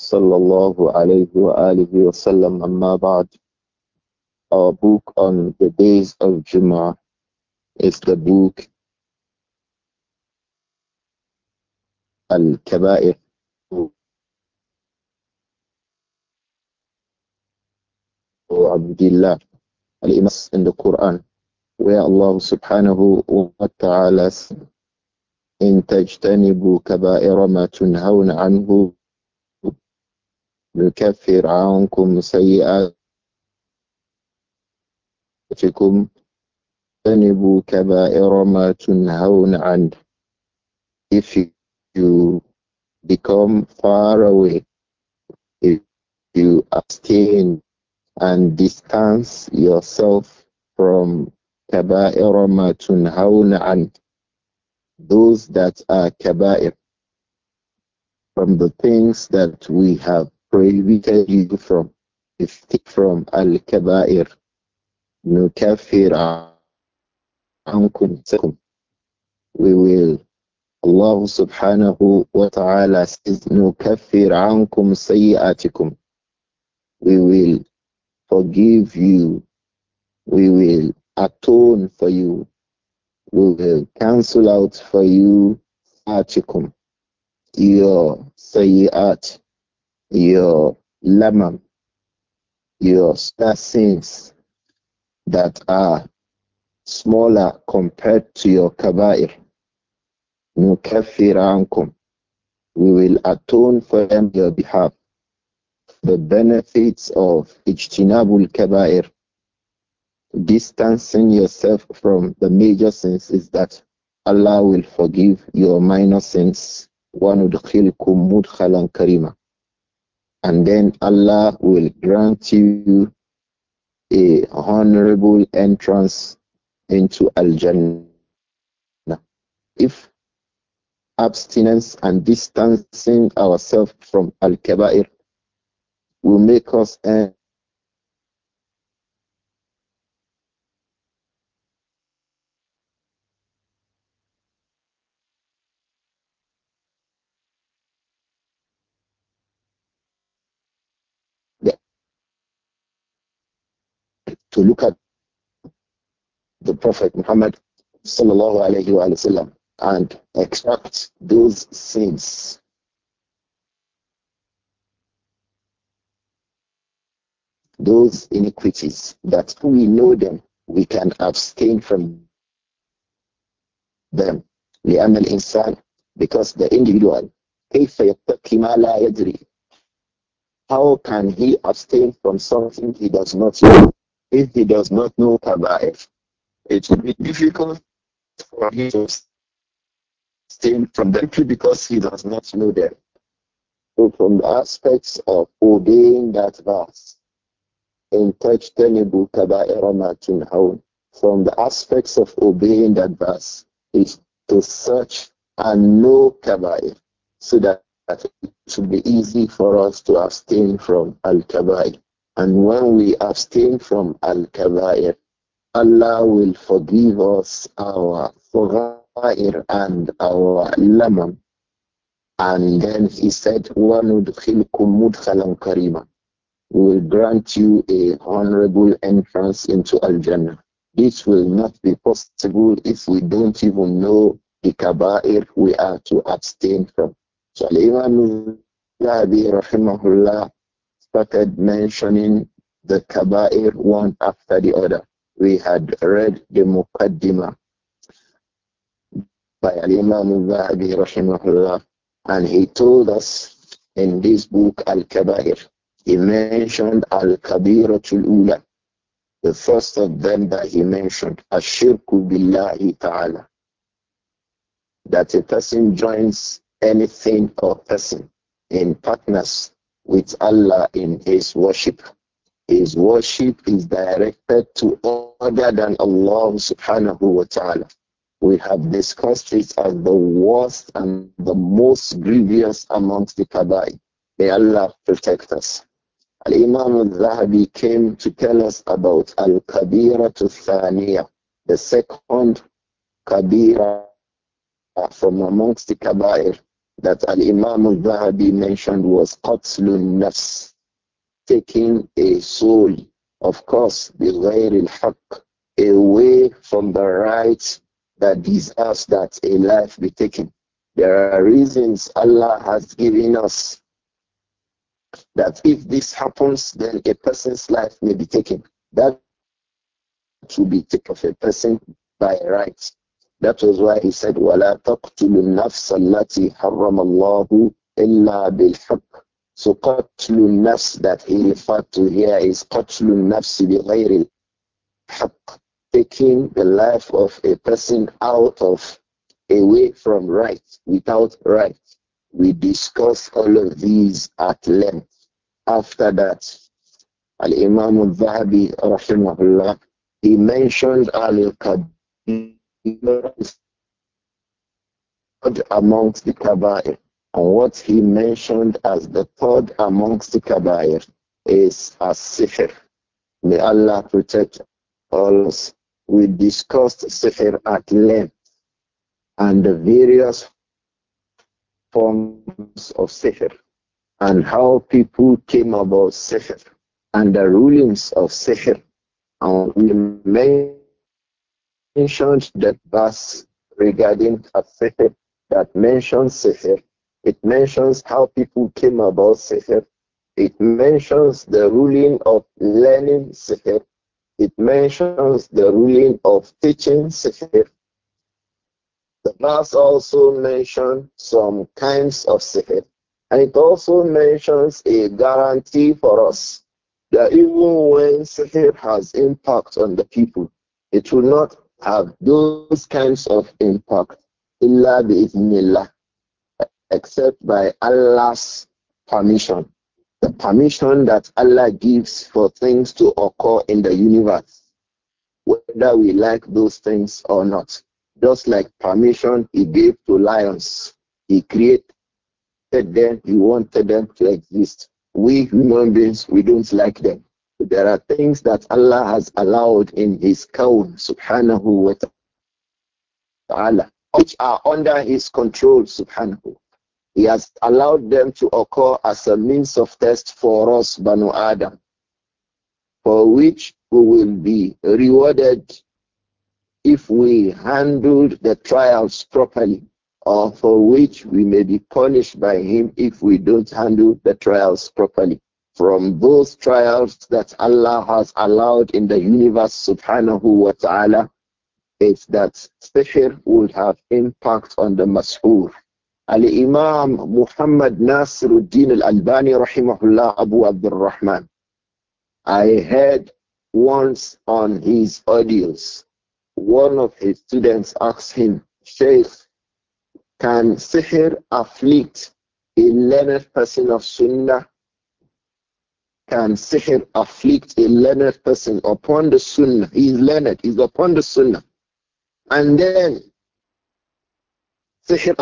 صلى الله عليه وآله وسلم wasallam بعد Our book on the days of Jum'ah is the book Al-Kaba'ir Abdullah Al-Imas in the Quran where Allah subhanahu wa ta'ala in tajtanibu kaba'ira ma tunhawna anhu يكفر عنكم سيئاتكم كبائر ما تنهون عنه if you become far away if you abstain and distance yourself from كبائر ما تنهون عنه those that are كبائر from the things that we have prohibited you from. It's from Al-Kaba'ir. Nukafir ankum We will. Allah subhanahu wa ta'ala says, Nukafir ankum sayyatikum. We will forgive you. We will atone for you. We will cancel out for you sayyatikum. Your sayyat your lamam, your star sins that are smaller compared to your kabair. We will atone for them on your behalf. The benefits of ijtinabul kabair, distancing yourself from the major sins, is that Allah will forgive your minor sins. وَنُدْخِلْكُمْ مُدْخَلًا karima and then Allah will grant you a honorable entrance into Al Jannah. If abstinence and distancing ourselves from Al Kaba'ir will make us end look at the Prophet Muhammad sallallahu alayhi wa sallam and extract those sins. Those iniquities that we know them, we can abstain from them. لأن insan, because the individual كيف يتقي ما لا how can he abstain from something he does not know if he does not know Kaba'if, it will be difficult for him to abstain from them because he does not know them. So, from the aspects of obeying that verse, in touch tenibu kaba'iramatunhaun, from the aspects of obeying that verse is to search and know kaba'ir so that, it should be easy for us to abstain from al kaba'ir. And when we abstain from Al Kabair, Allah will forgive us our Furair and our laman. And then he said, وَنُدْخِلْكُمْ We will grant you a honorable entrance into Al-Jannah. This will not be possible if we don't even know the kaba'ir we are to abstain from. So Al-Imam rahimahullah, started mentioning the kaba'ir one after the other. We had read the muqaddimah by Al-Imam al-Zahabi and he told us in this book Al-Kaba'ir, he mentioned Al-Kabiratul Ula, the first of them that he mentioned, Ashirku Billahi Ta'ala, that a person joins anything or person in partners with Allah in his worship. His worship is directed to other than Allah subhanahu wa ta'ala. We have discussed it as the worst and the most grievous amongst the Kabai. May Allah protect us. Al Imam al Zahabi came to tell us about Al Kabira to Thaniya, the second Kabira from amongst the Kabair, that Al Imam al Zahabi mentioned was Qatlun Nafs, taking a soul, of course, the بغير الحق, away from the right that deserves that a life be taken. There are reasons Allah has given us that if this happens, then a person's life may be taken. That to be taken of a person by right. That was why he said, وَلَا تَقْتُلُ النَّفْسَ الَّتِي حَرَّمَ اللَّهُ إِلَّا بِالْحَقِّ So قَتْلُ النَّفْس that he referred to here is قَتْلُ النَّفْسِ بِغَيْرِ الْحَقِّ Taking the life of a person out of, away from right, without right. We discuss all of these at length. After that, Al-Imam al-Zahabi, rahimahullah, he mentioned al-Kabir amongst the Kabair. And what he mentioned as the third amongst the Kabair is as sihr. May Allah protect all us. We discussed sihr at length and the various forms of sihr and how people came about sihr and the rulings of sihr. And we made mentioned that verse regarding Sihir that mentions Sihir. It mentions how people came about Sihir. It mentions the ruling of learning Sihir. It mentions the ruling of teaching Sihir. The verse also mentions some kinds of Sihir. And it also mentions a guarantee for us that even when Sihir has impact on the people, it will not have those kinds of impact illa bi'ithnillah, except by Allah's permission. The permission that Allah gives for things to occur in the universe, whether we like those things or not. Just like permission He gave to lions, He created them, He wanted them to exist. We human beings, we don't like them. There are things that Allah has allowed in His kawn, subhanahu wa ta'ala, which are under His control, subhanahu. He has allowed them to occur as a means of test for us, Banu Adam, for which we will be rewarded if we handled the trials properly, or for which we may be punished by Him if we don't handle the trials properly from those trials that Allah has allowed in the universe, subhanahu wa ta'ala, is that special would have impact on the mas'ur. Al-Imam Muhammad Nasiruddin al-Albani rahimahullah Abu Abdul Rahman. I heard once on his audios, one of his students asked him, Sheikh, can sihr afflict a learned person of Sunnah can him afflict a learned person upon the sunnah? He is learned, he's upon the sunnah. And then him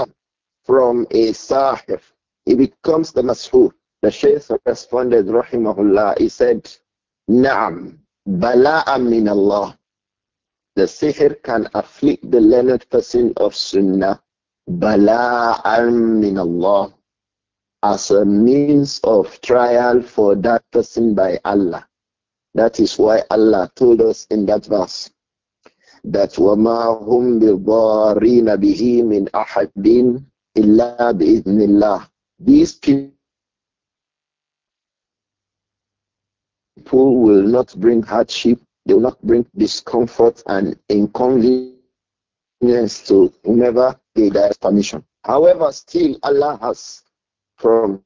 from a sahir, he becomes the mashur. The Shaykh responded, Rahimahullah, he said, Naam, bala' min Allah. The sihr can afflict the learned person of sunnah, bala' min Allah as a means of trial for that person by Allah. That is why Allah told us in that verse that وَمَا هُمْ بِضَارِينَ بِهِ مِنْ أَحَدٍ إِلَّا بِإِذْنِ اللَّهِ These people will not bring hardship, they will not bring discomfort and inconvenience to whomever they their permission. However, still Allah has from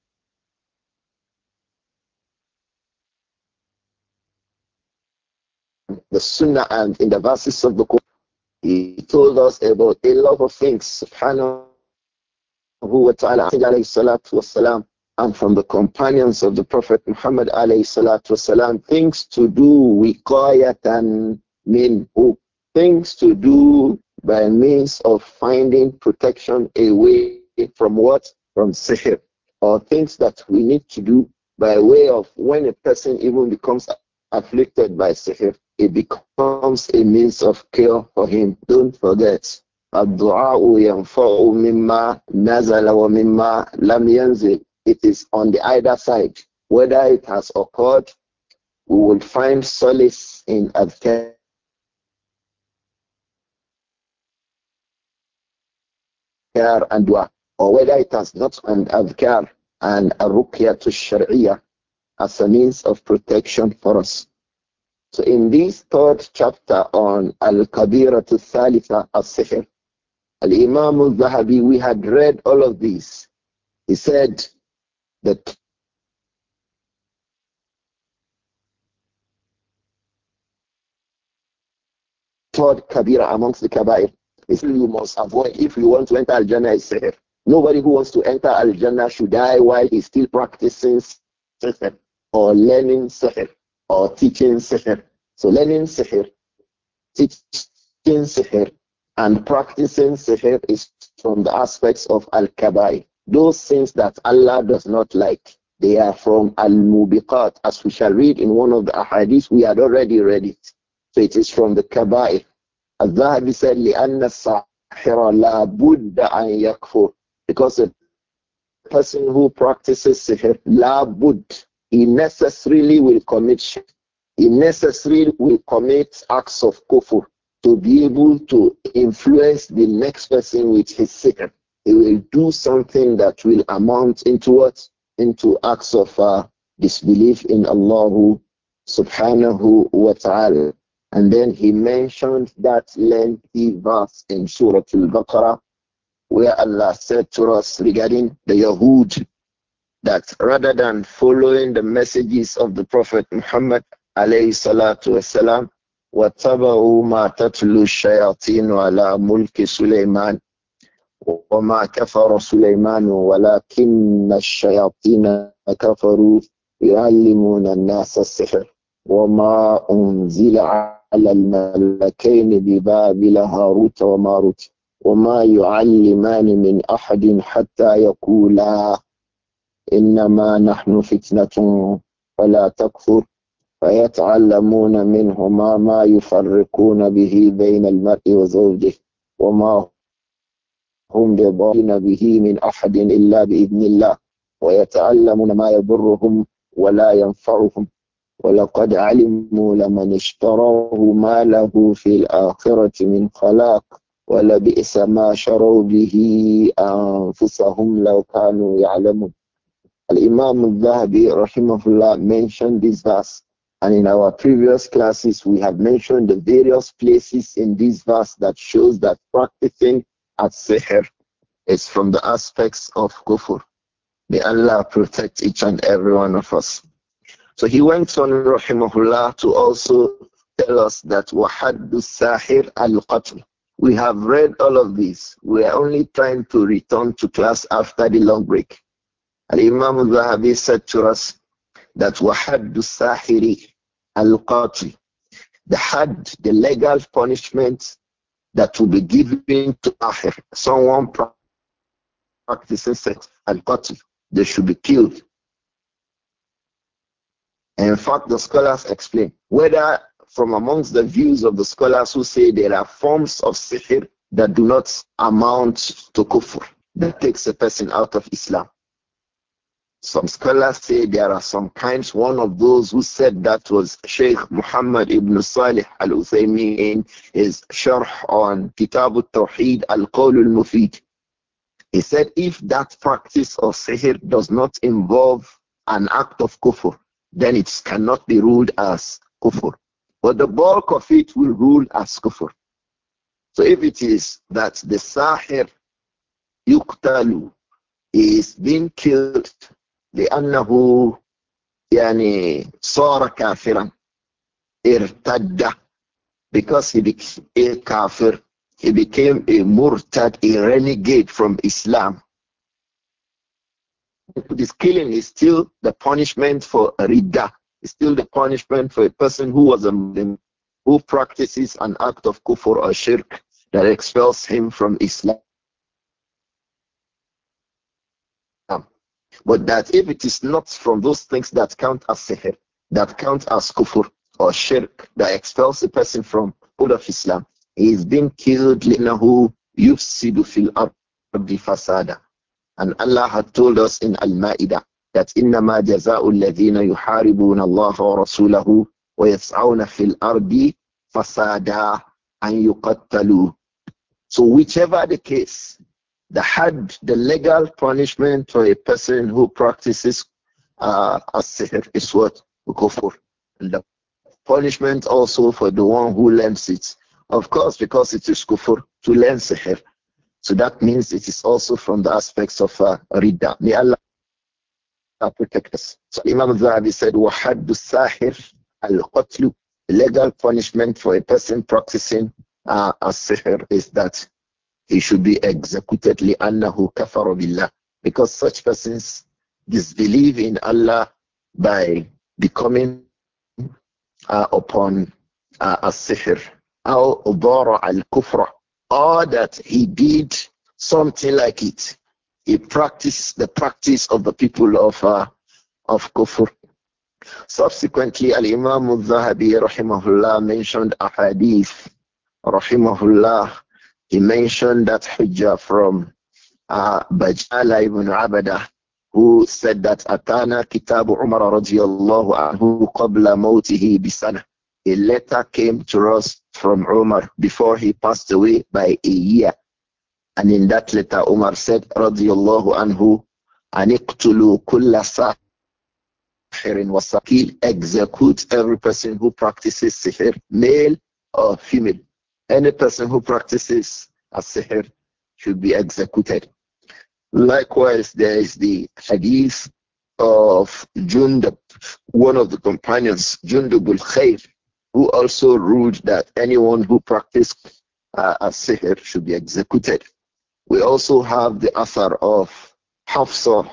the Sunnah and in the verses of the Quran, he told us about a lot of things. Subhanahu wa ta'ala, alayhi salatu and from the companions of the Prophet Muhammad alayhi salatu things to do wiqayatan minhu, things to do by means of finding protection away from what? From sihr or things that we need to do by way of when a person even becomes afflicted by sickness, it becomes a means of cure for him. Don't forget. الدعاء ينفع مما نزل ومما لم ينزل. It is on the either side. Whether it has occurred, we will find solace in adhkar and dua or whether it has not an adhkar and a ruqya to sharia as a means of protection for us. So in this third chapter on Al-Kabira to Thalitha al-Sihr, Al-Imam al-Zahabi, we had read all of these. He said that third Kabira amongst the Kabair is you must avoid if you want to enter Al-Jannah is Sihr. Nobody who wants to enter Al Jannah should die while he's still practicing sihr or learning sihr or teaching sihr. So learning sihr, teaching sihr, and practicing sihr is from the aspects of al kabai. Those things that Allah does not like, they are from al mubiqat, as we shall read in one of the ahadith. We had already read it, so it is from the kabai. الذهبي said لأن الساحر لا بد أن يكفر because a person who practices sihr, labud, he necessarily will commit he necessarily will commit acts of kufr to be able to influence the next person with his sihr. He will do something that will amount into what? Into acts of uh, disbelief in Allah subhanahu wa ta'ala. And then he mentioned that lengthy verse in Surah Al-Baqarah where Allah said to us regarding the Yahud that rather than following the messages of the Prophet Muhammad alayhi salatu wasalam, وَاتَّبَعُوا مَا تَتْلُو الشَّيَاطِينُ عَلَى مُلْكِ سُلَيْمَانَ وما كفر سليمان ولكن الشياطين كفروا يعلمون الناس السحر وما أنزل على الملكين ببابل هاروت وماروت وما يعلمان من أحد حتى يقولا إنما نحن فتنة فلا تكفر فيتعلمون منهما ما يفرقون به بين المرء وزوجه وما هم بضارين به من أحد إلا بإذن الله ويتعلمون ما يضرهم ولا ينفعهم ولقد علموا لمن اشتراه ما له في الآخرة من خلاق ولبئس ما شروا به أنفسهم لو كانوا يعلمون Al-Imam al-Dhahabi rahimahullah mentioned this verse and in our previous classes we have mentioned the various places in this verse that shows that practicing at sihr is from the aspects of kufr. May Allah protect each and every one of us. So he went on rahimahullah to also tell us that wahaddu sahir al-qatl we have read all of this. We are only trying to return to class after the long break. Al Imam al Zahabi said to us that Wahaddu Sahiri al Qatri, the had, the legal punishment that will be given to Ahir, someone practicing sex al Qatri, they should be killed. In fact, the scholars explain whether from amongst the views of the scholars who say there are forms of sihr that do not amount to kufr, that takes a person out of Islam. Some scholars say there are some kinds. One of those who said that was Sheikh Muhammad ibn Salih al Uthaymeen in his Sharh on Kitab al Tawheed al Qawl al Mufid. He said if that practice of sihr does not involve an act of kufr, then it cannot be ruled as kufr. But the bulk of it will rule as kufr. So if it is that the sahir yuktalu is being killed لأنه يعني صار كافرا ارتد because he became a kafir he became a murtad a renegade from Islam this killing is still the punishment for rida is still the punishment for a person who was a Muslim who practices an act of kufr or shirk that expels him from Islam. But that if it is not from those things that count as sihr, that count as kufr or shirk, that expels a person from all of Islam, he is being killed لِنَّهُ يُفْسِدُ فِي الْأَرْضِ فَسَادًا And Allah had told us in Al-Ma'idah that إنما جزاء الذين يحاربون الله ورسوله ويسعون في الأرض فسادا أن يقتلوا So whichever the case, the had the legal punishment for a person who practices uh, as-sihr is what? Kufur. And the punishment also for the one who learns it. Of course, because it is kufur to learn sihr. So that means it is also from the aspects of uh, rida. May Allah protect us. So Imam Zahabi said, sahir al الْقَتْلُ Legal punishment for a person practicing uh, a sihr is that he should be executed لِأَنَّهُ كَفَرَ بِاللَّهِ Because such persons disbelieve in Allah by becoming uh, upon uh, a sihr. أو or that he did something like it he practiced the practice of the people of uh, of kufr. Subsequently, Al Imam Al Zahabi rahimahullah mentioned a hadith rahimahullah. He mentioned that hujjah from uh, Bajala ibn Abada who said that Atana Kitab Umar radiallahu anhu qabla mawtihi bisana. A letter came to us from Umar before he passed away by a year. And in that letter, Umar said, radiyallahu anhu, aniqtulu kulla sahirin wa sakil, execute every person who practices sihr, male or female. Any person who practices a sihr should be executed. Likewise, there is the hadith of Jundab, one of the companions, Jundab al who also ruled that anyone who practiced uh, a sihr should be executed. We also have the author of Hafsa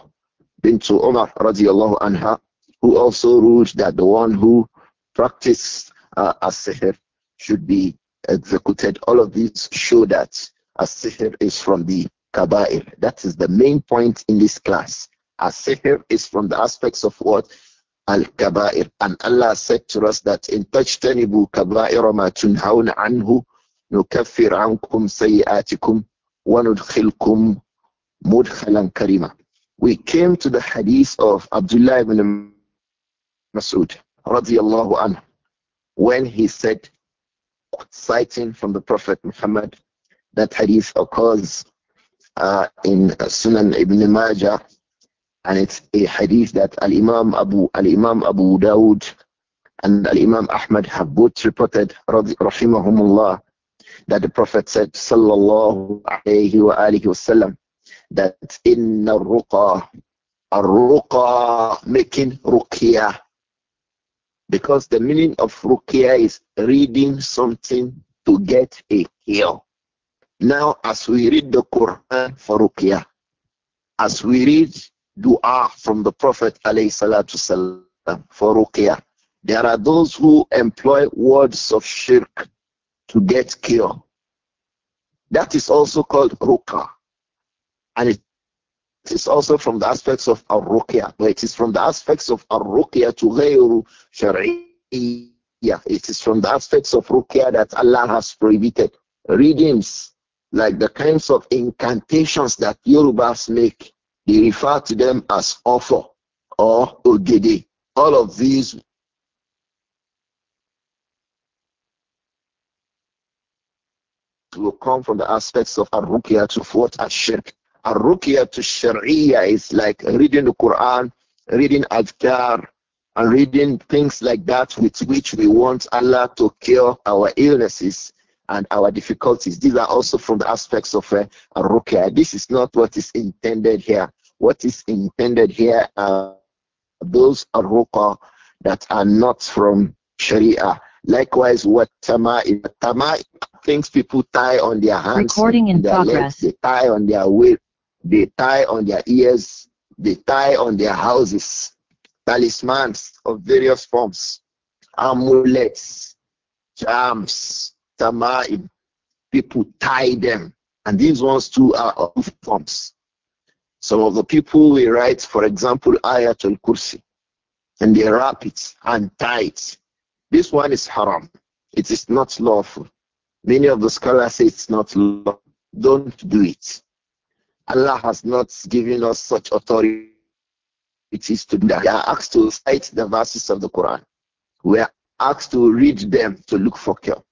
bint Umar radiallahu anha, who also ruled that the one who practiced uh, as-sihr should be executed. All of these show that as-sihr is from the kaba'ir. That is the main point in this class. As-sihr is from the aspects of what? Al-kaba'ir. And Allah said to us that in tajtanibu kaba'ir ma tunhaun anhu nukaffir ankum sayyatikum we came to the hadith of Abdullah ibn Mas'ud radiallahu anhu when he said, citing from the Prophet Muhammad, that hadith occurs uh, in Sunan ibn Majah and it's a hadith that Al Imam Abu Al Imam Abu Dawud and Al Imam Ahmad have both reported الله that the Prophet said, Sallallahu Alaihi wa alihi wasallam, that in ruqa, a ruqa, making ruqya. Because the meaning of ruqya is reading something to get a cure. Now, as we read the Quran for ruqya, as we read dua from the Prophet wasallam for ruqya, there are those who employ words of shirk to get cure. That is also called roka, And it is also from the aspects of ar but it is from the aspects of ar to ghayru shar'iyya. It is from the aspects of roka that Allah has prohibited. Readings, like the kinds of incantations that Yorubas make, they refer to them as offer or ogede. All of these will come from the aspects of ar to Fort ashirk. shirk to Sharia is like reading the Quran, reading adkar, and reading things like that with which we want Allah to cure our illnesses and our difficulties. These are also from the aspects of uh, This is not what is intended here. What is intended here are those Ruqa that are not from Sharia. Likewise, what Tama is. Tama things people tie on their hands, Recording in their progress. legs, they tie on their waist, they tie on their ears, they tie on their houses, talismans of various forms, amulets, charms, tamaim. People tie them, and these ones too are of forms. Some of the people we write, for example, Ayatul Kursi, and they wrap it and tie it. This one is haram. It is not lawful. Many of the scholars say it's not law. Don't do it. Allah has not given us such authority. It is to do that. We are asked to cite the verses of the Quran. We are asked to read them to look for cure.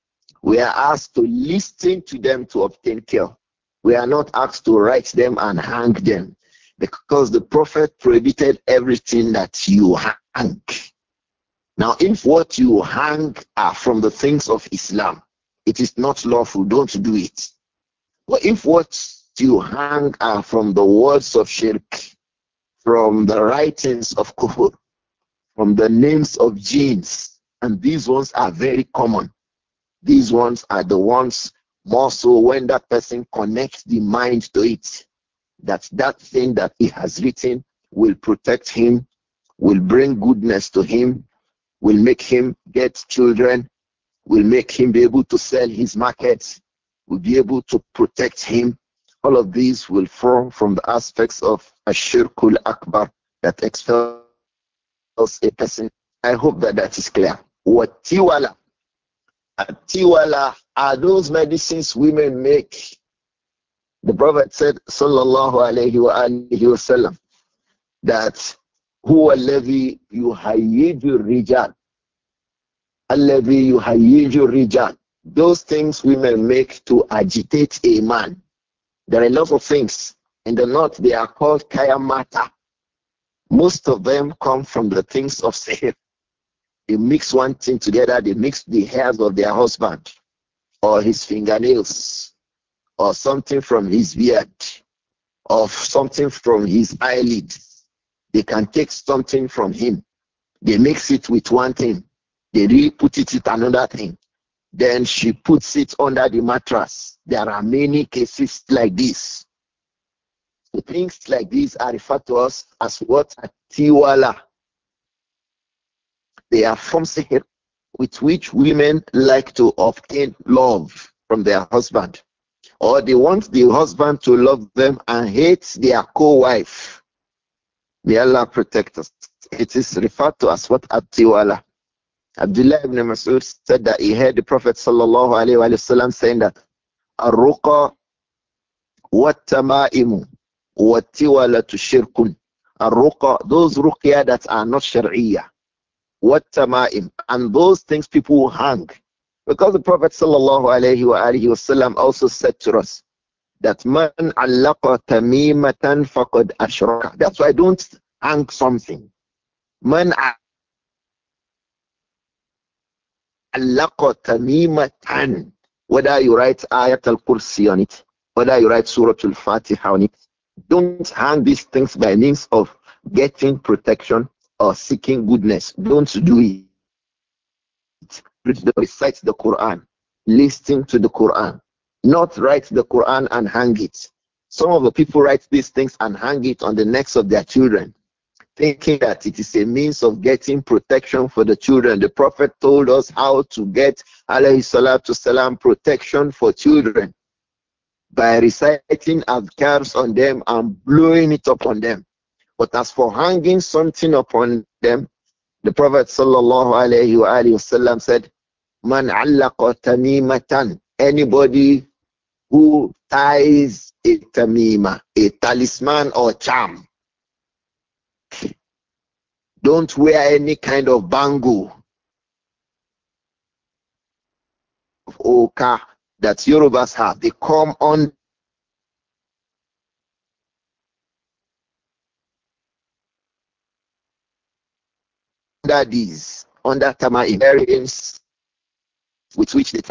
We are asked to listen to them to obtain cure. We are not asked to write them and hang them because the Prophet prohibited everything that you hang. Now, if what you hang are from the things of Islam, it is not lawful. Don't do it. But if what you hang are from the words of shirk, from the writings of kufr, from the names of jinns, and these ones are very common. These ones are the ones more so when that person connects the mind to it, that that thing that he has written will protect him, will bring goodness to him, will make him get children, will make him be able to sell his markets, will be able to protect him. All of these will form from the aspects of Ashirkul Akbar that expels a person. I hope that that is clear. What Tiwala? Tiwala are those medicines women make. The Prophet said, Sallallahu Alaihi Wasallam, that who الذي يهيج الرجال Allevi yuhayiju rijal. Those things women make to agitate a man. There are a lot of things. In the north, they are called kayamata. Most of them come from the things of Sahib. They mix one thing together, they mix the hairs of their husband, or his fingernails, or something from his beard, or something from his eyelids. They can take something from him. They mix it with one thing they re-put it with another thing. Then she puts it under the mattress. There are many cases like this. So things like these are referred to us as what a tiwala. They are forms with which women like to obtain love from their husband, or they want the husband to love them and hate their co-wife. May Allah protect us. It is referred to as what tiwala. Abdullah ibn Mas'ud said that he heard the Prophet sallallahu alaihi saying that Ar-ruqa wat-tama'imu wat-tiwalatu shirkun. ar those ruqya that are not sharia, Wat-tama'im. And those things people hang. Because the Prophet sallallahu alaihi wa also said to us that man allaqa tamimatan faqad ashraka. That's why don't hang something. Man allaka tamimatan. Whether you write ayat al-kursi on it, whether you write surah al-fatiha on it, don't hang these things by means of getting protection or seeking goodness. Don't do it. Recite the Quran. Listen to the Quran. Not write the Quran and hang it. Some of the people write these things and hang it on the necks of their children thinking that it is a means of getting protection for the children. The Prophet told us how to get والسلام, protection for children by reciting adhkars on them and blowing it upon them. But as for hanging something upon them, the Prophet sallam said, Man tamimatan, anybody who ties a tamima, a talisman or charm, don't wear any kind of bangle. Oka that Yorubas have. They come on under these, under Tama Iberians, with which they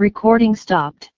Recording stopped.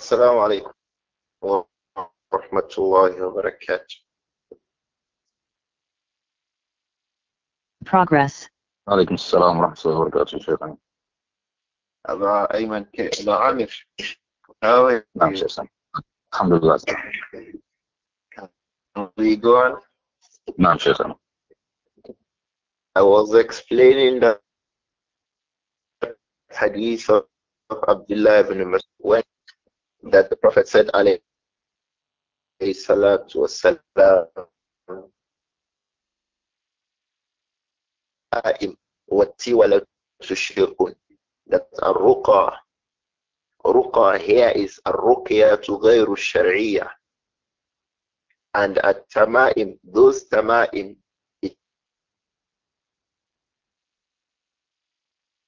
السلام عليكم ورحمة الله وبركاته Progress عليكم السلام ورحمة الله وبركاته شيخنا أبا أيمن أبا عامر نعم شيخنا الحمد لله We go on? نعم شيخنا I was explaining the hadith of Abdullah ibn Mas'ud that the Prophet said, alayhi salatu wasalam, القائم والتي تشركون that الرقى رقى here is الرقية غير الشرعية and tamaim, those tamaim, it,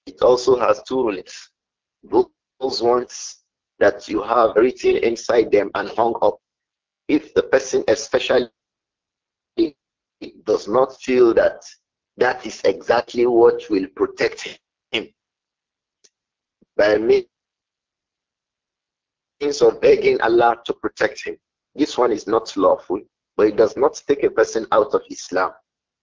it also has two rulings those ones that you have written inside them and hung up. If the person especially does not feel that that is exactly what will protect him by means of begging Allah to protect him. This one is not lawful, but it does not take a person out of Islam.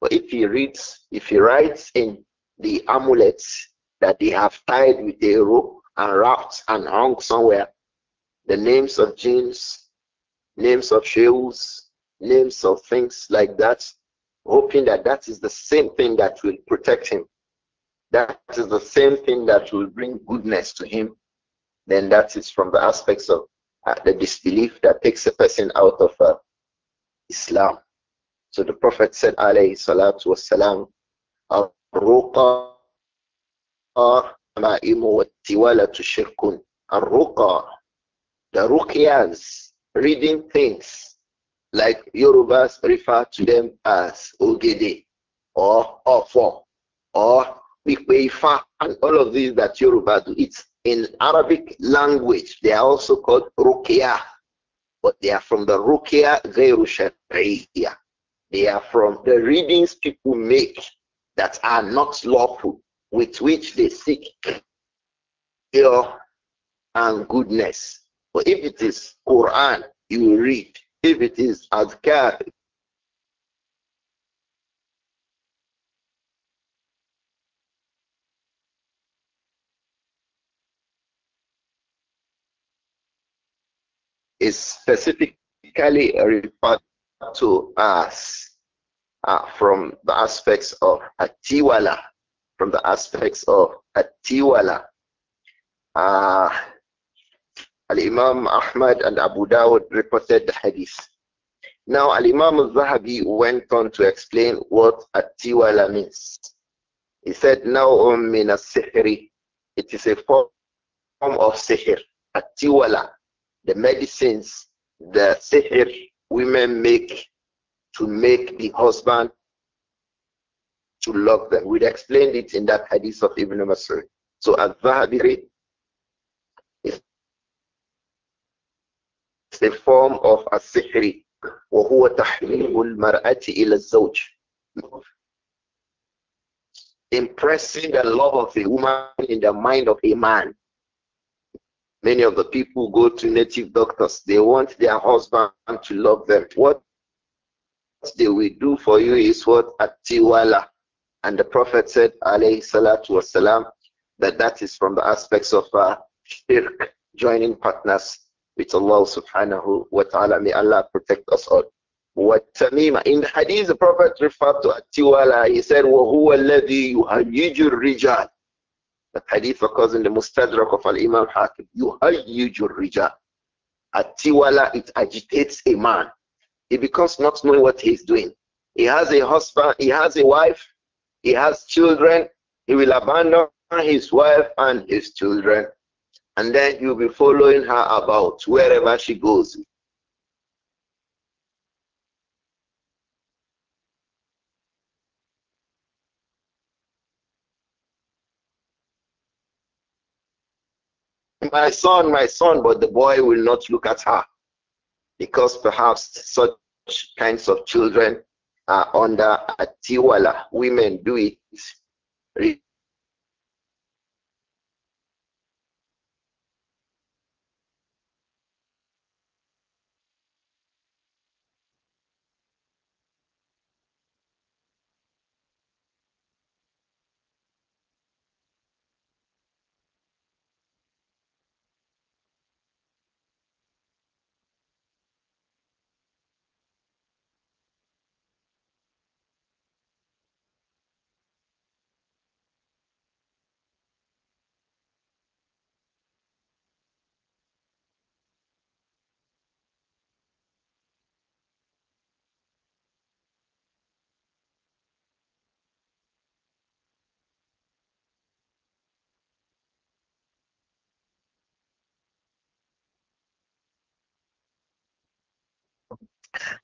But if he reads, if he writes in the amulets that they have tied with a rope and wrapped and hung somewhere. The names of James, names of sheus, names of things like that, hoping that that is the same thing that will protect him. That is the same thing that will bring goodness to him. Then that is from the aspects of uh, the disbelief that takes a person out of uh, Islam. So the Prophet said, alayhi salatu wasalam, الحمائم والتوالة شرك الرقى the ruqyas reading things like Yorubas refer to them as ogede or ofo or ikpeifa and all of these that Yoruba do it's in Arabic language they are also called rukia but they are from the rukia ghayru they are from the readings people make that are not lawful with which they seek cure and goodness. But if it is Quran, you will read. If it is Adkar, is specifically referred to as uh, from the aspects of Atiwala, from the aspects of at Uh, ah, Al-Imam Ahmad and Abu Dawud reported the hadith. Now Al-Imam al-Zahabi went on to explain what at means. He said, "Now um, min as-sihri." It is a form of sihr. Atiwala, the medicines, the sihr women make to make the husband love them. We explained it in that hadith of Ibn Masud. So al is a form of a sihri وهو تحميل المرأة إلى الزوج impressing the love of a woman in the mind of a man. Many of the people go to native doctors. They want their husband to love them. What they will do for you is what? Atiwala. And the Prophet said, alayhi salatu wasalam, that that is from the aspects of uh, shirk, joining partners with Allah subhanahu wa ta'ala. May Allah protect us all. والتميمة in the hadith the prophet referred to التوالى he said وهو الذي يهيج الرجال the hadith occurs in the mustadrak of al-imam hakim يهيج الرجال التوالى it agitates a man he becomes not knowing what he is doing he has a husband he has a wife he has children, he will abandon his wife and his children. And then you'll be following her about wherever she goes. My son, my son, but the boy will not look at her because perhaps such kinds of children are under tiwala. Women do it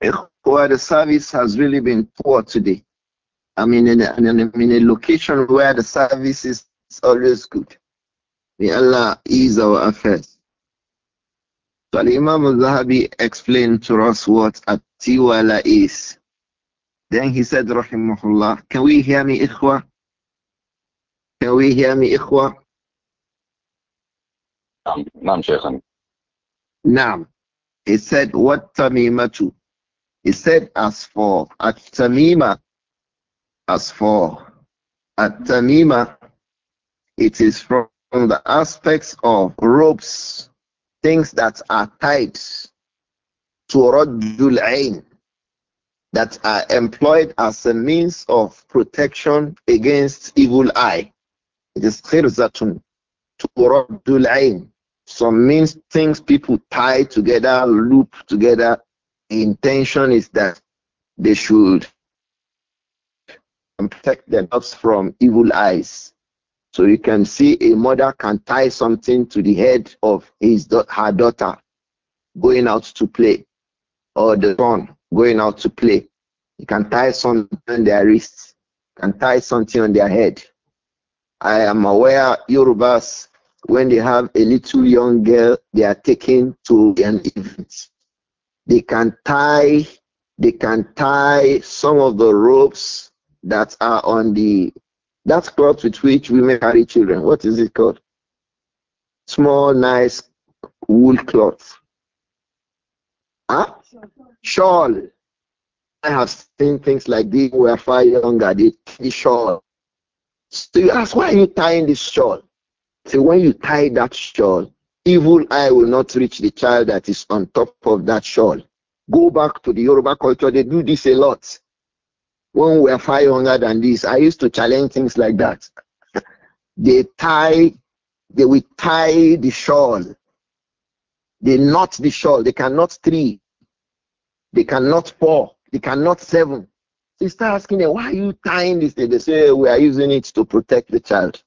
Eh, where the service has really been poor today. I mean, in a, in a location where the service is always good. May Allah ease our affairs. So Imam al-Zahabi explained to us what at-tiwala is. Then he said, Rahimahullah, can we hear me, ikhwa? Can we hear me, ikhwa? Naam, Shaykhan. Naam. He said, what tamimatu? He said, as for At-Tamima, as for At-Tamima, it is from the aspects of ropes, things that are tied to Rajul Ain, that are employed as a means of protection against evil eye. It is khirzatun to Rajul Ain. Some means things people tie together, loop together intention is that they should protect themselves from evil eyes. So you can see a mother can tie something to the head of his her daughter going out to play, or the son going out to play. You can tie something on their wrists, can tie something on their head. I am aware Yorubas, when they have a little young girl, they are taken to an event. They can tie they can tie some of the ropes that are on the that cloth with which women carry children. What is it called? Small, nice wool cloth. Huh? Shawl. I have seen things like this where I far younger. They shawl. So you ask, why are you tying this shawl? So when you tie that shawl, Evil eye will not reach the child that is on top of that shawl. Go back to the Yoruba culture, they do this a lot. When we are far younger than this, I used to challenge things like that. they tie, they will tie the shawl. They knot the shawl. They cannot three. They cannot four. They cannot seven. So start asking them, why are you tying this? They say, we are using it to protect the child.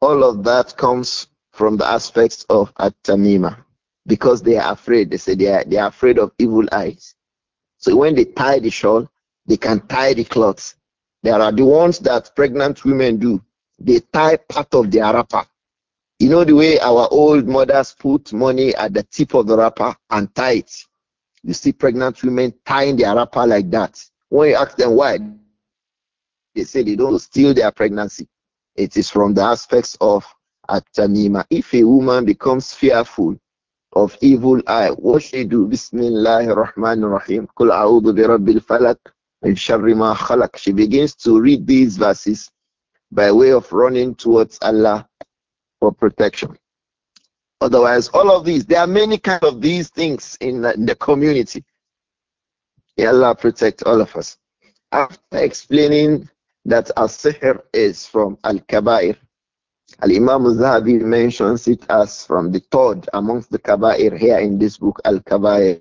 All of that comes from the aspects of Atamima, because they are afraid. They say they are, they are afraid of evil eyes. So when they tie the shawl, they can tie the clothes. There are the ones that pregnant women do. They tie part of their wrapper. You know the way our old mothers put money at the tip of the wrapper and tie it. You see pregnant women tying their wrapper like that. When you ask them why, they say they don't steal their pregnancy. It is from the aspects of at-tamima. If a woman becomes fearful of evil eye, what she do? r-Rahman ar Rahim. Kul a'udhu bi rabbil falak min sharri ma khalaq. She begins to read these verses by way of running towards Allah for protection. Otherwise, all of these, there are many kind of these things in the, in the community. May Allah protect all of us. After explaining that as-sihr is from al-kabair, Al Imam Zahabi mentions it as from the third amongst the Kaba'ir here in this book, Al Kaba'ir.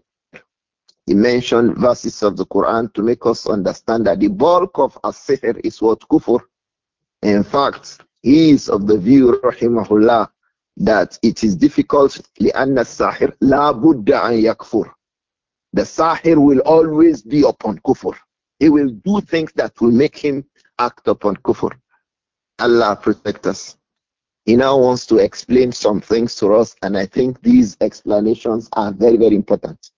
He mentioned verses of the Quran to make us understand that the bulk of As-Sihr is what Kufr. In fact, he is of the view, Rahimahullah, that it is difficult لأن الساحر لا بد an yakfur. the sahir will always be upon kufr he will do things that will make him act upon kufr Allah protect us he now wants to explain some things to us, and I think these explanations are very, very important.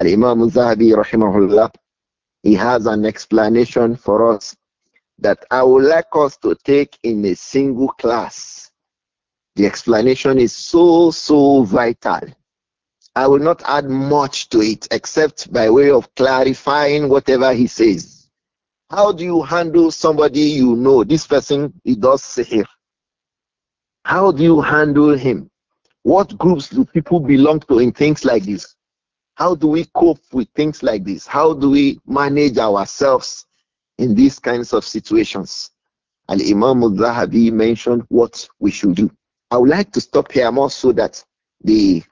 Al Imam Zahabi, rahimahullah, he has an explanation for us that I would like us to take in a single class. The explanation is so, so vital. I will not add much to it except by way of clarifying whatever he says. How do you handle somebody you know? This person, he does sihir how do you handle him? What groups do people belong to in things like this? How do we cope with things like this? How do we manage ourselves in these kinds of situations? And Imam al-Zahabi mentioned what we should do. I would like to stop here more so that the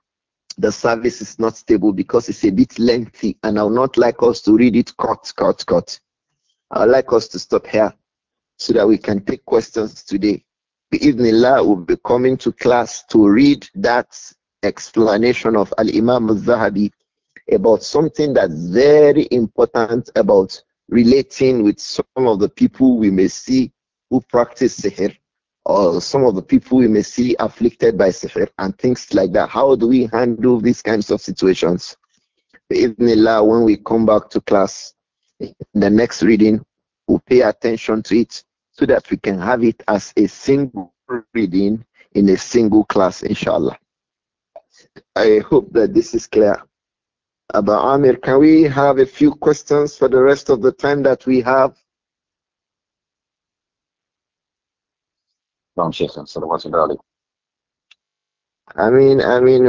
the service is not stable because it's a bit lengthy and I would not like us to read it cut, cut, cut. I would like us to stop here so that we can take questions today bi'idhnillah, we'll be coming to class to read that explanation of Al-Imam al-Zahabi about something that's very important about relating with some of the people we may see who practice sihr or some of the people we may see afflicted by sihr and things like that. How do we handle these kinds of situations? Bi'idhnillah, when we come back to class, the next reading, we'll pay attention to it so that we can have it as a single reading in a single class, inshallah. I hope that this is clear. Abu Amir, can we have a few questions for the rest of the time that we have? نعم شيخنا صلوات I mean, I mean,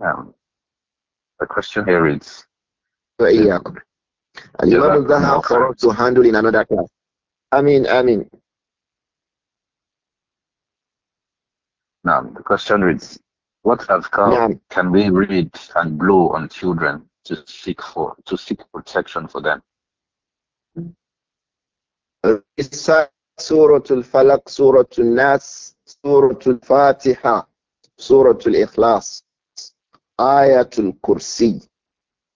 um, The question here is وإياكم الإمام الذهب for us to handle in another class I mean, I mean. Now, the question reads What has come can we read and blow on children to seek for to seek protection for them? Surah tul Falaq, Surah tul Nas, Surah tul Fatiha, Surah tul Ikhlas, Ayatul Kursi.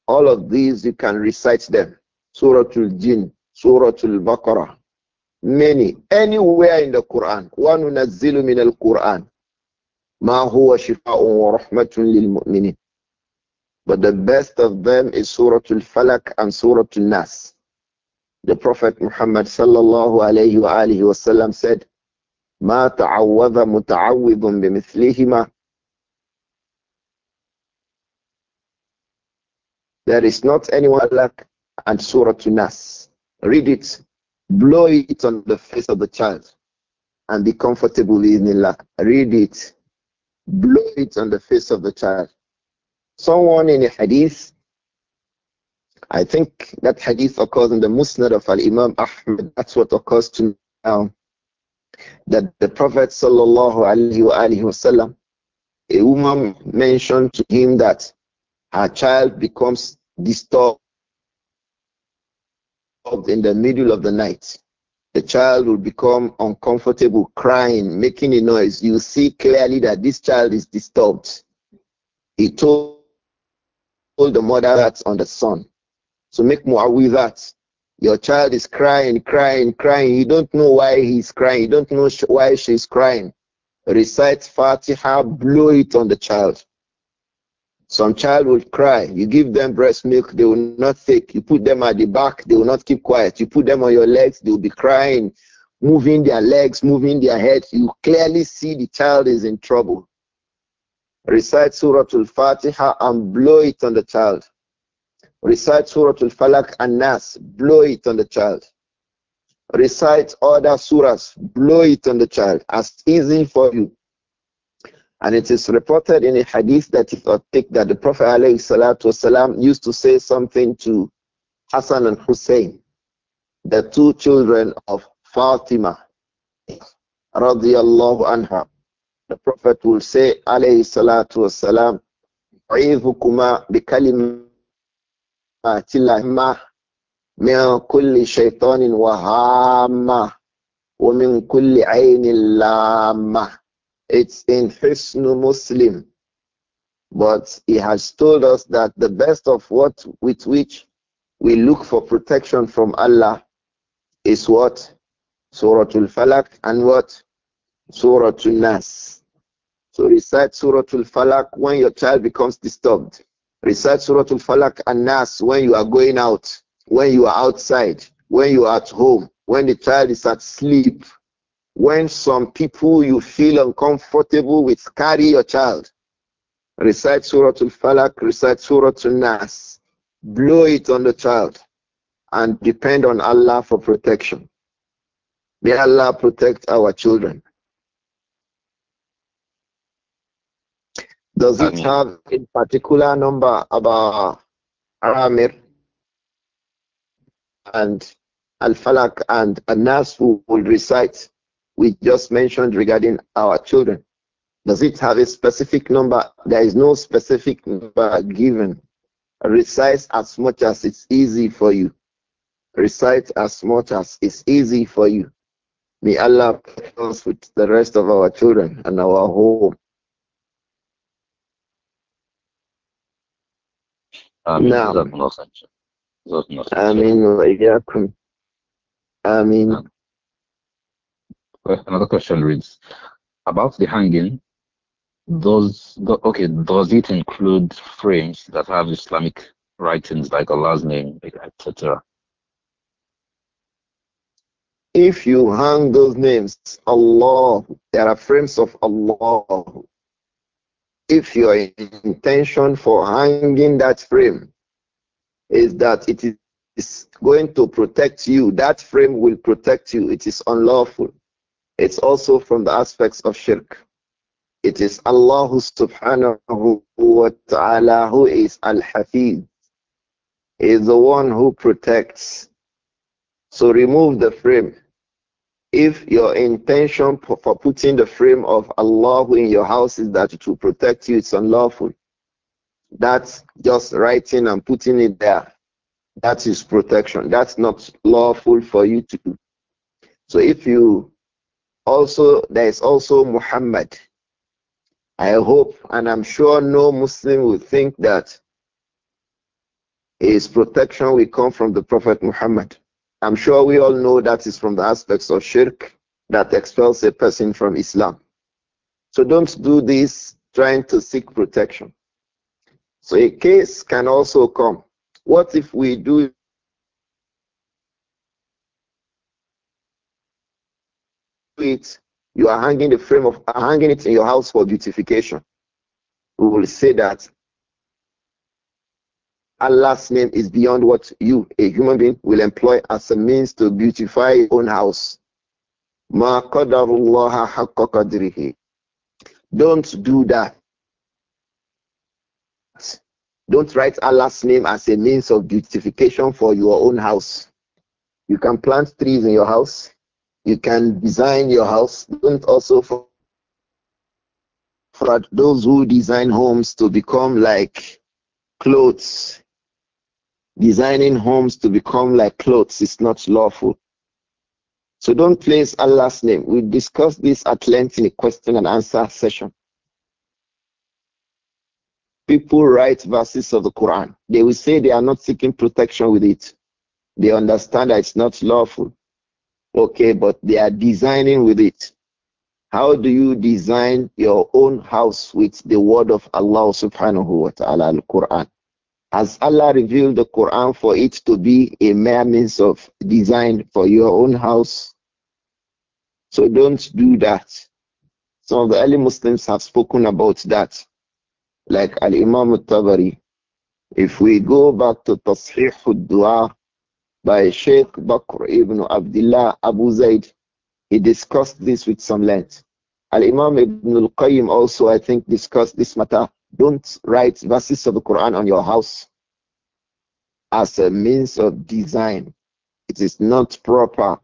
All of these you can recite them. Surah tul Jinn, Surah tul Bakara many anywhere in the Quran وَنُنَزِّلُ مِنَ الْقُرْآنِ مَا هُوَ شِفَاءٌ وَرَحْمَةٌ لِلْمُؤْمِنِينَ But the best of them is Surah Al-Falaq and Surah Al-Nas. The Prophet Muhammad sallallahu alayhi wa alihi wasallam said, مَا تَعَوَّذَ مُتَعَوِّضٌ بِمِثْلِهِمَا There is not anyone like and Surah Al-Nas. Read it blow it on the face of the child and be comfortable in Allah. Read it. Blow it on the face of the child. Someone in a hadith, I think that hadith occurs in the Musnad of Al Imam Ahmad. That's what occurs to me now. That the Prophet sallallahu alaihi wasallam, a woman mentioned to him that her child becomes disturbed in the middle of the night. The child will become uncomfortable, crying, making a noise. You see clearly that this child is disturbed. He told, told the mother that on the son. So make mu'awi that. Your child is crying, crying, crying. You don't know why he's crying. You don't know sh why she's crying. Recite Fatiha, blow it on the child. Some child will cry. You give them breast milk, they will not take. You put them at the back, they will not keep quiet. You put them on your legs, they will be crying, moving their legs, moving their head. You clearly see the child is in trouble. Recite Surah Al-Fatiha and blow it on the child. Recite Surah Al-Falaq and Nas, blow it on the child. Recite other surahs, blow it on the child as easy for you. And it is reported in a hadith that is authentic that the Prophet والسلام, used to say something to Hassan and Hussein, the two children of Fatima. Radiallahu anha. The Prophet will say, alayhi salatu wasalam, بكلمات الله من كل شيطان وهامة ومن كل عين لامة it's in Hisnu Muslim. But he has told us that the best of what with which we look for protection from Allah is what? Suratul Falak and what? Suratul Nas. So recite Suratul Falak when your child becomes disturbed. Recite Suratul Falak and Nas when you are going out, when you are outside, when you are at home, when the child is at sleep. When some people you feel uncomfortable with, carry your child. Recite Surah Al-Falaq, recite Surah Al-Nas. Blow it on the child and depend on Allah for protection. May Allah protect our children. Does it have a particular number about Aramir and Al Falak and Anas who will recite? we just mentioned regarding our children? Does it have a specific number? There is no specific number given. Recite as much as it's easy for you. Recite as much as it's easy for you. May Allah bless us with the rest of our children and our home. آمين جزاكم Amen another question reads about the hanging. Does the, okay? Does it include frames that have Islamic writings like Allah's name, etc.? If you hang those names, Allah, there are frames of Allah. If your intention for hanging that frame is that it is going to protect you, that frame will protect you. It is unlawful. It's also from the aspects of shirk. It is Allah subhanahu wa ta'ala who is Al-Hafiz. is the one who protects. So remove the frame. If your intention for putting the frame of Allah in your house is that it will protect you, it's unlawful. That's just writing and putting it there. That is protection. That's not lawful for you to do. So if you also, there is also Muhammad. I hope and I'm sure no Muslim will think that his protection will come from the Prophet Muhammad. I'm sure we all know that is from the aspects of shirk that expels a person from Islam. So don't do this trying to seek protection. So a case can also come. What if we do it, you are hanging the frame of hanging it in your house for beautification. We will say that Allah's name is beyond what you, a human being, will employ as a means to beautify your own house. Don't do that. Don't write Allah's name as a means of beautification for your own house. You can plant trees in your house. You can design your house. Don't also for, for those who design homes to become like clothes. Designing homes to become like clothes is not lawful. So don't place Allah's name. We discussed this at length in a question and answer session. People write verses of the Quran. They will say they are not seeking protection with it. They understand that it's not lawful. Okay, but they are designing with it. How do you design your own house with the word of Allah subhanahu wa ta'ala, al Quran? Has Allah revealed the Quran for it to be a mere means of design for your own house? So don't do that. Some of the early Muslims have spoken about that, like Al Imam al Tabari. If we go back to Tasheeh al Dua by Sheikh Bakr ibn Abdullah Abu Zaid. He discussed this with some length. Al Imam ibn al Qayyim also, I think, discussed this matter. Don't write verses of the Quran on your house as a means of design. It is not proper.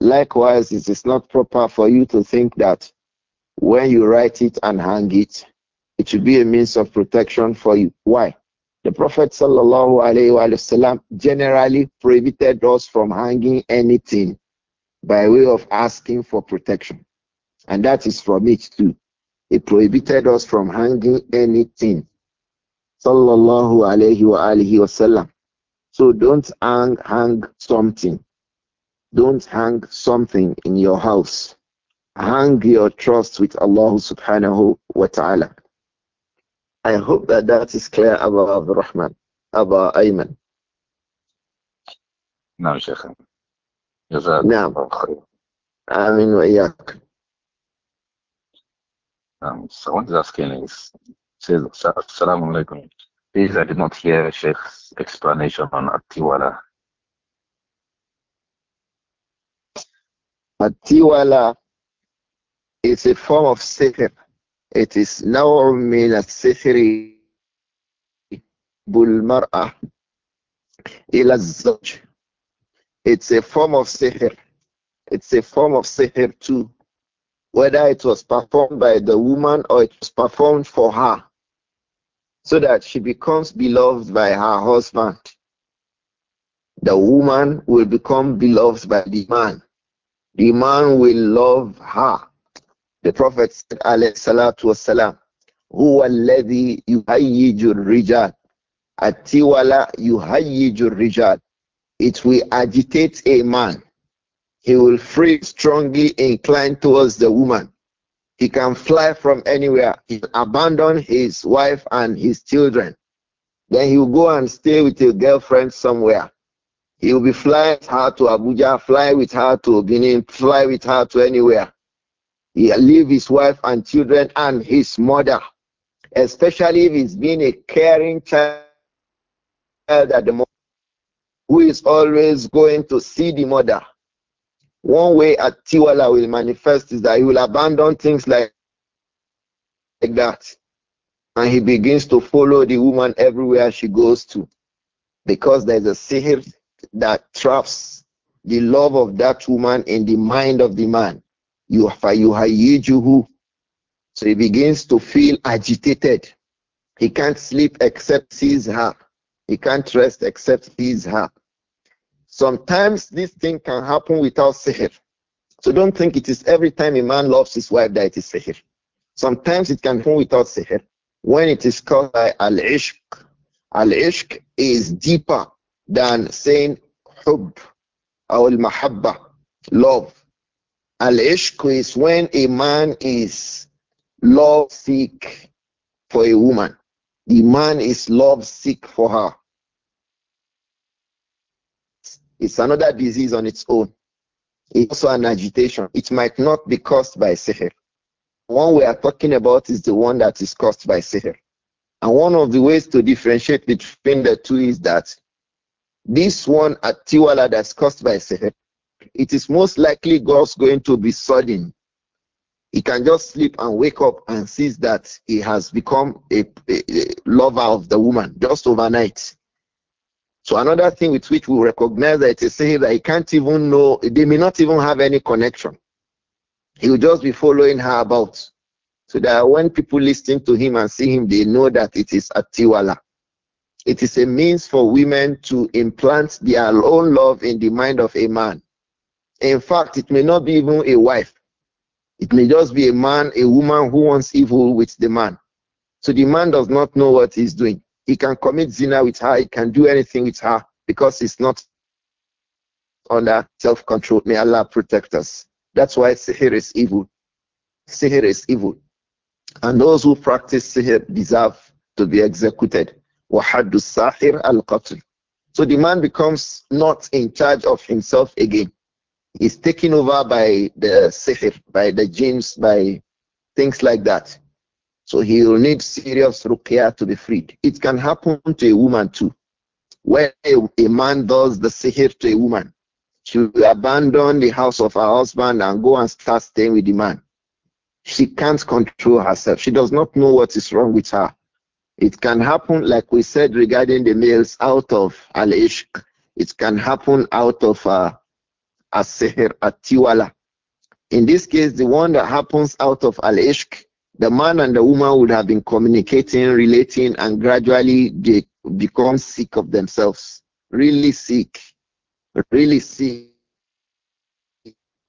Likewise, it is not proper for you to think that when you write it and hang it, it should be a means of protection for you. Why? The Prophet وسلم, generally prohibited us from hanging anything by way of asking for protection. And that is from it too. He prohibited us from hanging anything. Sallallahu alayhi wa So don't hang, hang something. Don't hang something in your house. Hang your trust with Allah subhanahu wa ta'ala. I hope that that is clear, Abu Rahman, Abu Ayman. نعم شيخ جزاك نعم آمين وإياك um, someone is asking is says assalamu alaikum please I did not hear Sheikh's explanation on Atiwala Atiwala is a form of sihr it is نوع من السحر بالمرأة إلى الزوج. It's a form of سحر. It's a form of سحر too. Whether it was performed by the woman or it was performed for her, so that she becomes beloved by her husband. The woman will become beloved by the man. The man will love her the Prophet said, alayhi salatu wassalam, huwa alladhi yuhayyiju rijal. Atiwala yuhayyiju rijal. It will agitate a man. He will feel strongly inclined towards the woman. He can fly from anywhere. He will abandon his wife and his children. Then he will go and stay with a girlfriend somewhere. He will be flying her to Abuja, fly with her to Benin, fly with her to anywhere. He leave his wife and children and his mother, especially if he's been a caring child at the moment, who is always going to see the mother. One way at Tiwala will manifest is that he will abandon things like, like that. And he begins to follow the woman everywhere she goes to. Because there's a sihir that traps the love of that woman in the mind of the man. فَيُهَيِّجُهُ So he begins to feel agitated. He can't sleep except sees her. He can't rest except sees her. Sometimes this thing can happen without sihr. So don't think it is every time a man loves his wife that it is sihr. Sometimes it can happen without sihr when it is called by al-ishq. Al-ishq is deeper than saying hub or al-mahabba, love. Al is when a man is love sick for a woman. The man is love sick for her. It's another disease on its own. It's also an agitation. It might not be caused by sihr. One we are talking about is the one that is caused by sihr. And one of the ways to differentiate between the two is that this one at Tiwala that's caused by sihr it is most likely God's going to be sudden. He can just sleep and wake up and sees that he has become a, a, a lover of the woman just overnight. So another thing with which we recognize that it is saying that he can't even know, they may not even have any connection. He will just be following her about. So that when people listen to him and see him, they know that it is a tiwala. It is a means for women to implant their own love in the mind of a man. In fact, it may not be even a wife. It may just be a man, a woman who wants evil with the man. So the man does not know what he's doing. He can commit zina with her, he can do anything with her because he's not under self control. May Allah protect us. That's why sihir is evil. Sihir is evil. And those who practice sihir deserve to be executed. sahir al الْقَتْلِ So the man becomes not in charge of himself again is taken over by the sihr, by the jinns, by things like that. So he will need serious ruqyah to be freed. It can happen to a woman too. When a, a man does the sihr to a woman, she will abandon the house of her husband and go and start staying with the man. She can't control herself. She does not know what is wrong with her. It can happen, like we said regarding the males, out of al-ishq. It can happen out of uh, as-sihr In this case, the one that happens out of al-ishq, the man and the woman would have been communicating, relating, and gradually they become sick of themselves. Really sick. Really sick.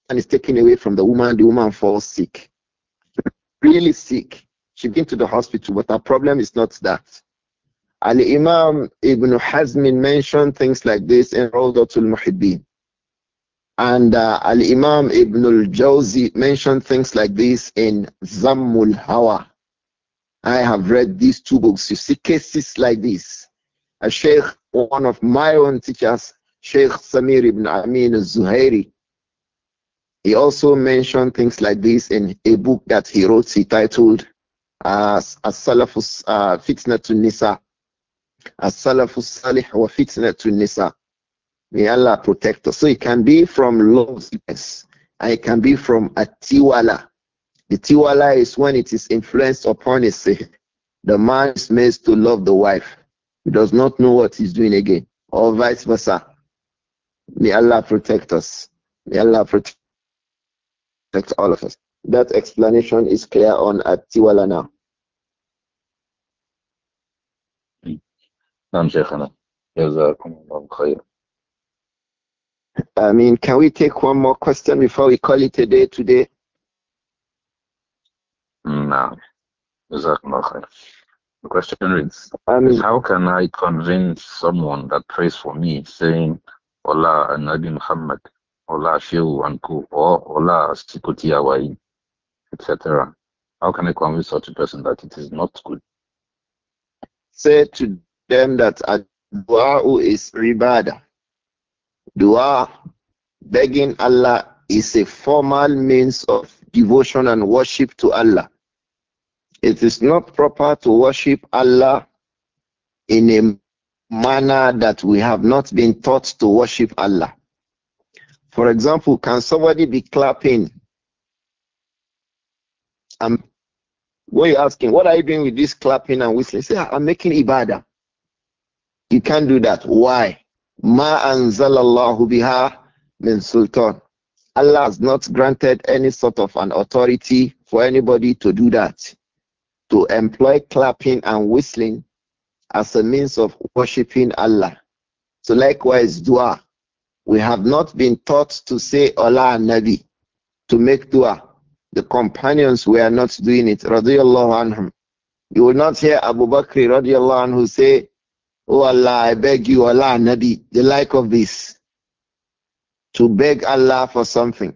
And is taken away from the woman, the woman falls sick. Really sick. She came to the hospital, but her problem is not that. Al Imam Ibn Hazmin mentioned things like this in Rawdatul Muhibbin. And uh, Al Imam Ibn al Jawzi mentioned things like this in Zammul Hawa. I have read these two books. You see cases like this. A sheikh, one of my own teachers, Sheikh Samir ibn Amin al-Zuhairi, he also mentioned things like this in a book that he wrote, he titled uh, As-Salafus uh, Fitnatun Nisa, As-Salafus Salih wa Fitnatun Nisa. May Allah protect us. So it can be from loveless, and it can be from atiwala. The tiwala is when it is influenced upon a sin. The man is made to love the wife. He does not know what he's doing again, or vice versa. May Allah protect us. May Allah protect all of us. That explanation is clear on Atiwala now. نعم I mean, can we take one more question before we call it a day today? No. The question is, I mean, how can I convince someone that prays for me saying, Allah and Nabi Muhammad, Allah Shiu anku" or Allah Sikuti Hawaii, etc.? How can I convince such a person that it is not good? Say to them that Adwa'u is ribadah Dua, begging Allah, is a formal means of devotion and worship to Allah. It is not proper to worship Allah in a manner that we have not been taught to worship Allah. For example, can somebody be clapping? I'm what you asking, what are you doing with this clapping and whistling? Say, I'm making ibadah. You can't do that. Why? Ma anzalallahu biha min sultan. Allah has not granted any sort of an authority for anybody to do that, to employ clapping and whistling as a means of worshipping Allah. So likewise, dua. We have not been taught to say Allah Nabi, to make dua. The companions were not doing it. Radiallahu anhum. You will not hear Abu Bakr radiallahu anhu say, Oh Allah, I beg you, Allah, Nabi, the like of this. To beg Allah for something.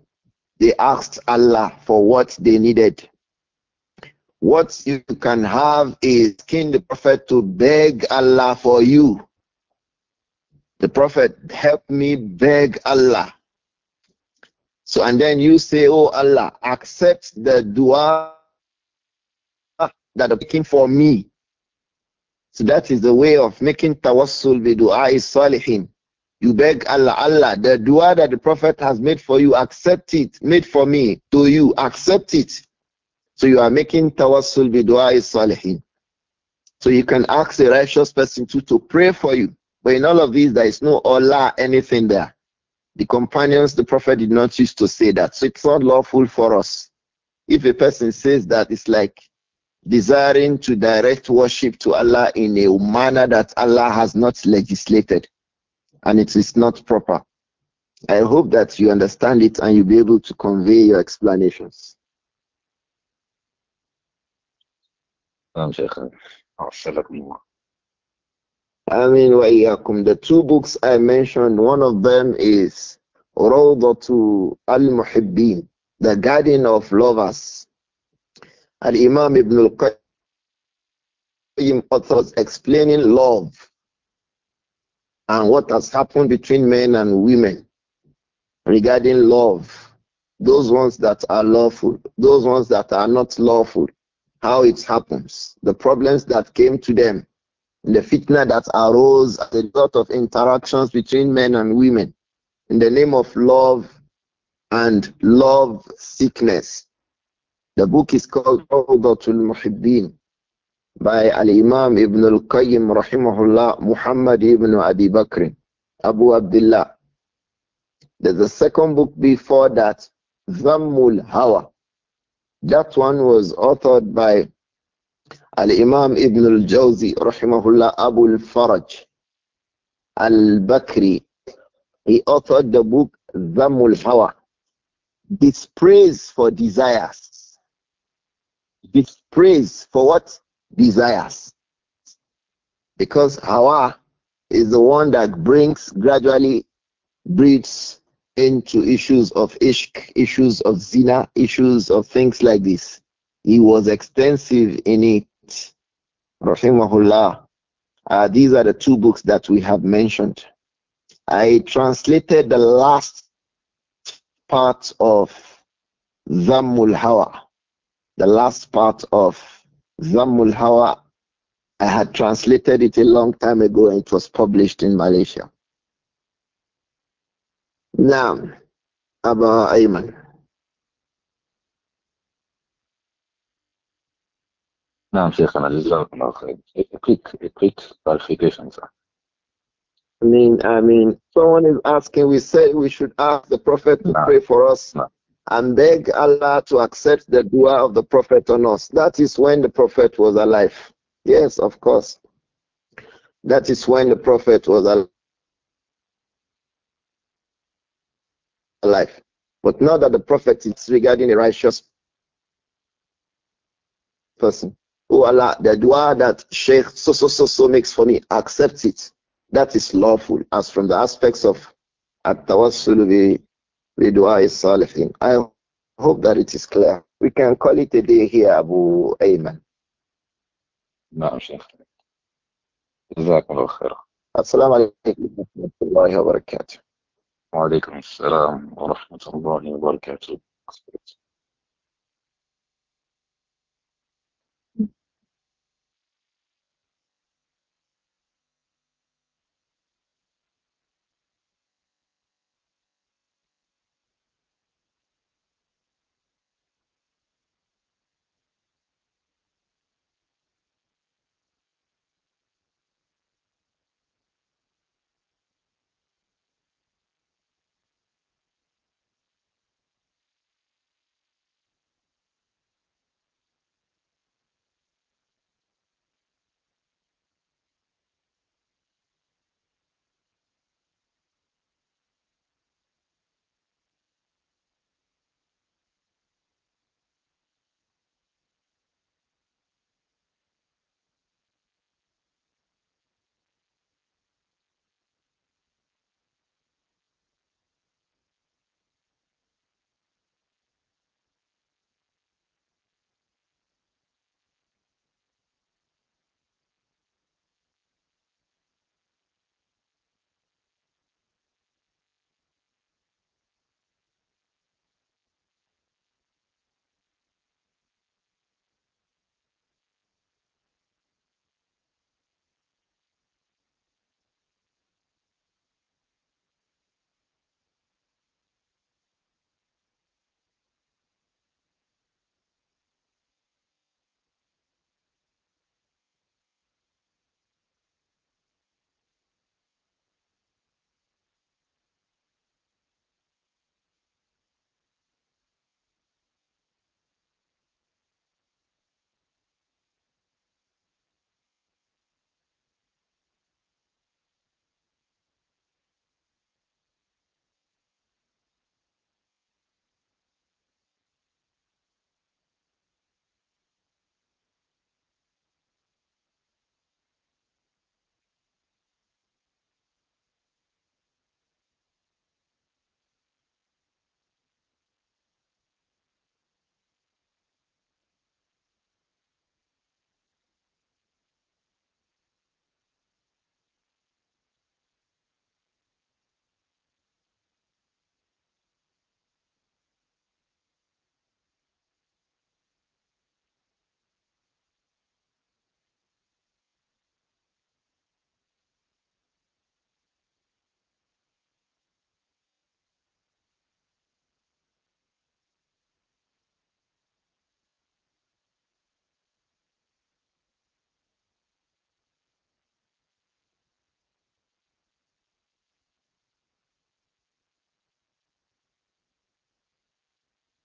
They asked Allah for what they needed. What you can have is King the Prophet to beg Allah for you. The Prophet, help me beg Allah. So, and then you say, Oh Allah, accept the dua that the king for me so that is the way of making tawassul bi du'a salihin. You beg Allah, Allah, the dua that the Prophet has made for you, accept it. Made for me, to you, accept it. So you are making tawassul bi du'a salihin. So you can ask a righteous person to, to pray for you. But in all of these, there is no Allah, anything there. The companions, the Prophet did not used to say that. So it's not lawful for us. If a person says that, it's like desiring to direct worship to Allah in a manner that Allah has not legislated and it is not proper. I hope that you understand it and you'll be able to convey your explanations. I mean, the two books I mentioned, one of them is Rawdatu al Muhibbin, The Garden of Lovers and Imam Ibn al-Qayyim was explaining love and what has happened between men and women regarding love. Those ones that are lawful, those ones that are not lawful, how it happens, the problems that came to them, the fitna that arose as a result of interactions between men and women in the name of love and love sickness. The book is called Rawdatul Muhibbin by Al-Imam Ibn Al-Qayyim Rahimahullah Muhammad Ibn Abi Bakr Abu Abdullah. There's a second book before that, Zammul Hawa. That one was authored by Al-Imam Ibn Al-Jawzi Rahimahullah Abu Al-Faraj Al-Bakri. He authored the book Zammul Hawa. Dispraise for desires This Praise for what? Desires. Because Hawa is the one that brings gradually breeds into issues of ishq, issues of zina, issues of things like this. He was extensive in it. Rahimahullah. Uh, these are the two books that we have mentioned. I translated the last part of Zammul Hawa the last part of Zamul Hawa. I had translated it a long time ago and it was published in Malaysia. Now, Aba Ayman. A quick, a quick clarification, sir. I mean, I mean, someone is asking, we say we should ask the Prophet to pray for us and beg Allah to accept the dua of the Prophet on us. That is when the Prophet was alive. Yes, of course. That is when the Prophet was alive. But now that the Prophet is regarding a righteous person, oh Allah, the dua that Sheikh so so so so makes for me, accept it. That is lawful as from the aspects of at-tawassul بدعاء الصالحين. I hope that it is clear. We can call it a day here, Abu Ayman. نعم شيخ جزاكم الله خيرا السلام عليكم ورحمة الله وبركاته وعليكم السلام ورحمة الله وبركاته